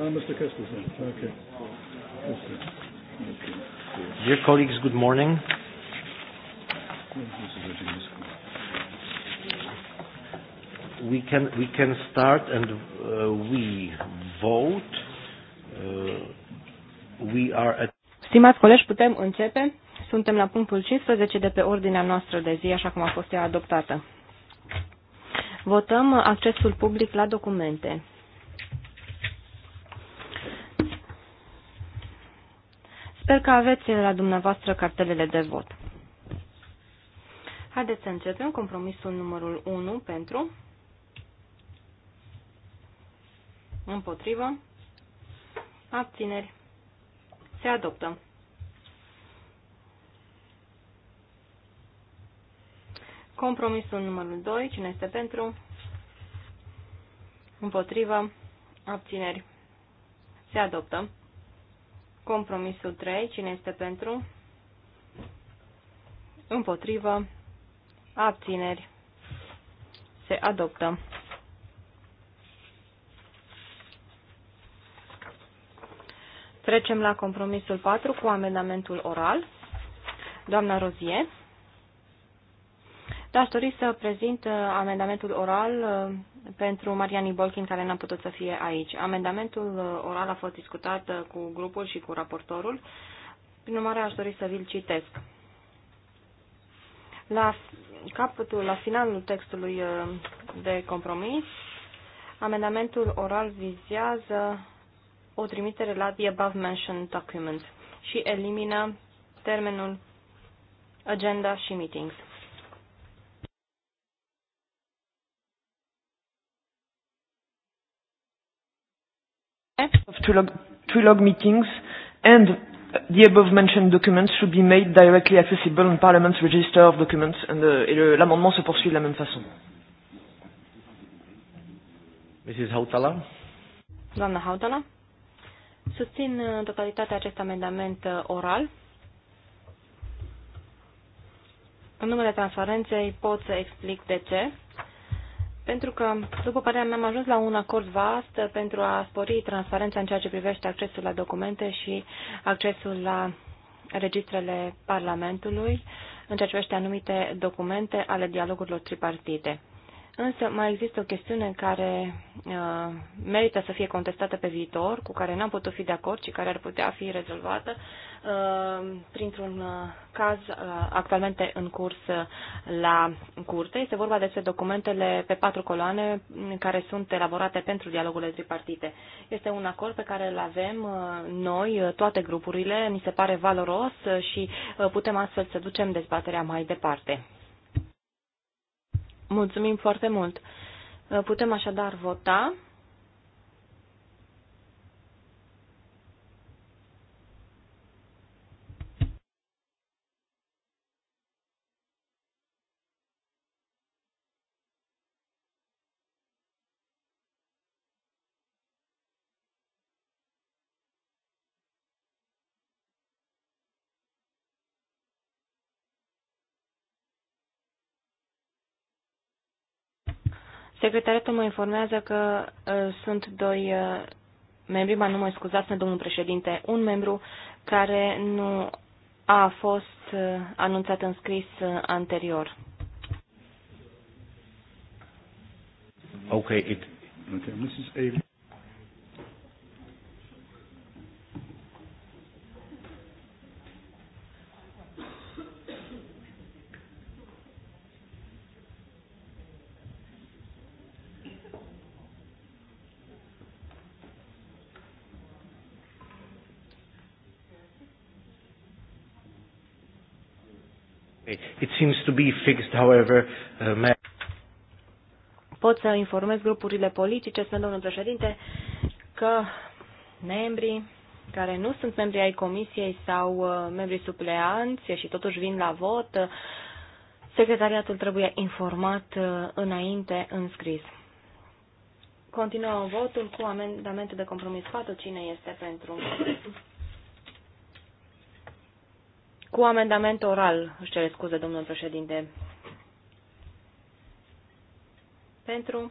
Uh, Mr. Christensen. okay. Dear colleagues, good morning. We can we can start and uh, we vote. Uh, we are at. Stimați colegi, putem începe. Suntem la punctul 15 de pe ordinea noastră de zi, așa cum a fost ea adoptată. Votăm accesul public la documente. Sper că aveți la dumneavoastră cartelele de vot. Haideți să începem compromisul numărul 1 pentru împotrivă abțineri. Se adoptă. Compromisul numărul 2, cine este pentru? Împotrivă, abțineri. Se adoptă. Compromisul 3. Cine este pentru? Împotrivă. Abțineri. Se adoptă. Trecem la compromisul 4 cu amendamentul oral. Doamna Rozie. Dar aș dori să prezint uh, amendamentul oral uh, pentru Mariani Bolkin, care n-a putut să fie aici. Amendamentul uh, oral a fost discutat uh, cu grupul și cu raportorul. Prin urmare, aș dori să vi-l citesc. La capătul, la finalul textului uh, de compromis, amendamentul oral vizează o trimitere la the above mentioned document și elimină termenul agenda și meetings. Of trilog, trilog meetings and the above mentioned documents should be made directly accessible in Parliament's register of documents and, uh, et l'amendement se poursuit de la même façon. Mrs. Hautala? Doamna Hautala? Susțin uh, în totalitate acest amendament uh, oral. În numele transparenței pot să explic de ce. Pentru că, după părerea mea, am ajuns la un acord vast pentru a spori transparența în ceea ce privește accesul la documente și accesul la registrele Parlamentului, în ceea ce privește anumite documente ale dialogurilor tripartite. Însă mai există o chestiune care uh, merită să fie contestată pe viitor, cu care n-am putut fi de acord și care ar putea fi rezolvată uh, printr-un uh, caz uh, actualmente în curs uh, la curte. Este vorba despre documentele pe patru coloane mm, care sunt elaborate pentru dialogurile tripartite. Este un acord pe care îl avem uh, noi, uh, toate grupurile, mi se pare valoros uh, și uh, putem astfel să ducem dezbaterea mai departe. Mulțumim foarte mult. Putem așadar vota. Secretariatul mă informează că uh, sunt doi uh, membri, mă nu mă scuzați, domnul președinte, un membru care nu a fost uh, anunțat în scris uh, anterior. Okay, it, okay, Mrs. It seems to be fixed, however, uh, Pot să informez grupurile politice, spune domnul președinte, că membrii care nu sunt membri ai comisiei sau uh, membrii supleanți și totuși vin la vot, uh, secretariatul trebuie informat uh, înainte înscris. Continuăm votul cu amendamente de compromis 4. Cine este pentru? cu amendament oral, își cere scuze, domnul președinte. Pentru,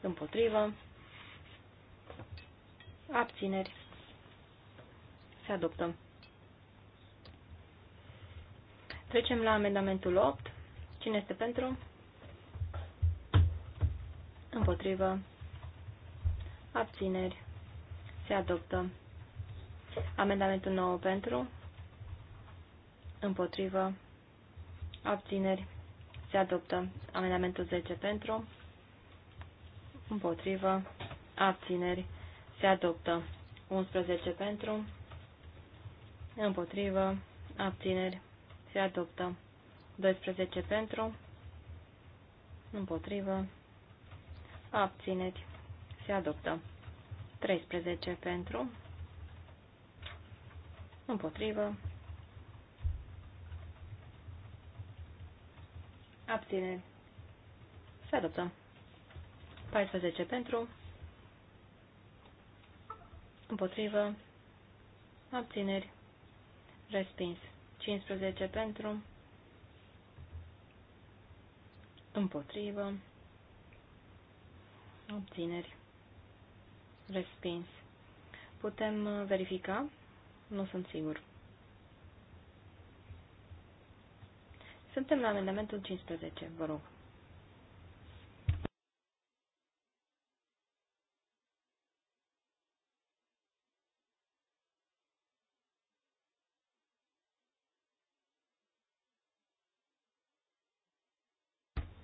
împotrivă, abțineri, se adoptă. Trecem la amendamentul 8. Cine este pentru? Împotrivă. Abțineri. Se adoptă. Amendamentul 9 pentru împotrivă, abțineri, se adoptă. Amendamentul 10 pentru, împotrivă, abțineri, se adoptă. 11 pentru, împotrivă, abțineri, se adoptă. 12 pentru, împotrivă, abțineri, se adoptă. 13 pentru, împotrivă, Abțineri. Să adoptăm. 14 pentru. Împotrivă. Abțineri. Respins. 15 pentru. Împotrivă. Obțineri. Respins. Putem uh, verifica? Nu sunt sigur. Suntem la amendamentul 15, vă rog.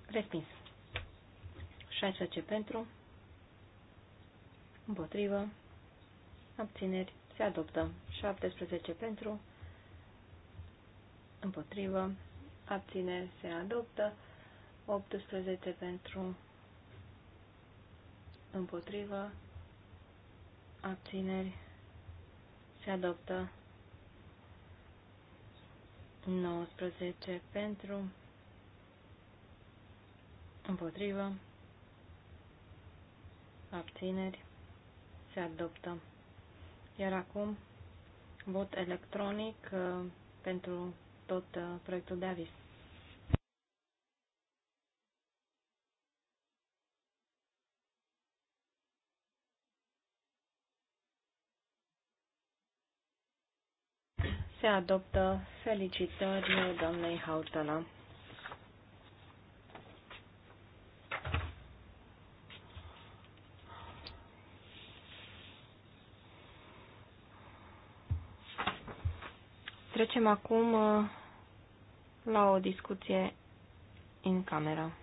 Respins. 16 pentru, împotrivă, abțineri, se adoptă. 17 pentru, împotrivă, abțineri se adoptă, 18 pentru împotrivă, abțineri se adoptă, 19 pentru împotrivă, abțineri se adoptă. Iar acum vot electronic uh, pentru uh, proiectul de avis. Se adoptă felicitări doamnei Hautala. Trecem acum uh, la o discuție în cameră.